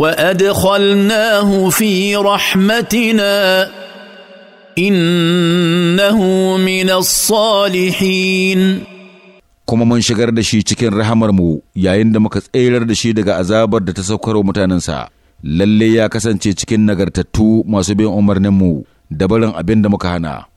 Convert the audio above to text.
وادخلناه في رحمتنا انه من الصالحين kuma mun shigar da shi cikin rahamarmu yayin da muka tserar da shi daga azabar da ta saukar wa mutanensa lalle ya kasance cikin nagartattu masu bin umarninmu da barin abin da muka hana